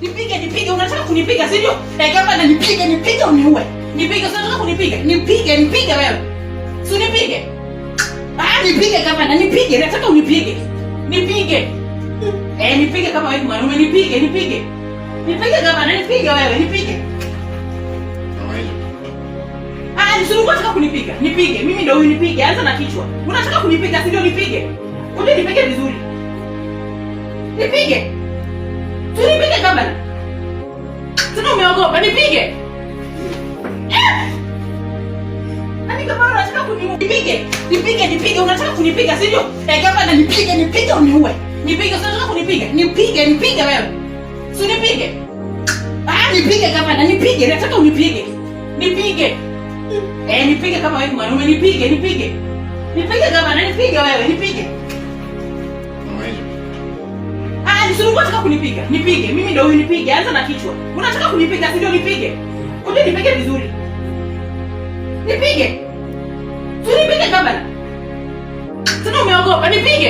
Nipige nipige, unataka kunipiga si ndio? Eh, kama nipige nipige uniue. Nipige, sio unataka kunipiga. Nipige nipige wewe. Si unipige. Ah, nipige kama na nipige, nataka unipige. Nipige. Eh, nipige kama wewe mwanaume nipige nipige. Nipige kama na nipige wewe, nipige. Ah, ni sulu unataka kunipiga. Nipige. Mimi ndio huyu nipige. Anza na kichwa. Unataka kunipiga si ndio? Nipige. Uje nipige vizuri. Tunipige kabla. Tuna umeogopa eh! yaani nipige. Nipige, nipige, unataka kunipiga, si ndio? Eh, kama na nipige, nipige uniue. Nipige, unataka kunipiga. Nipige, nipige wewe. Si nipige. Ah, nipige kama na nipige, nataka unipige. Nipige. Eh, nipige kama wewe mwanaume, nipige, nipige. Nipige kama na nipige wewe, nipige. Yaani si unataka kunipiga? Nipige. Mimi ndio huyu nipige. Anza na kichwa. Unataka kunipiga si ndio nipige? Uje nipige vizuri. Nipige. Tunipige kabla. Sina umeogopa, nipige.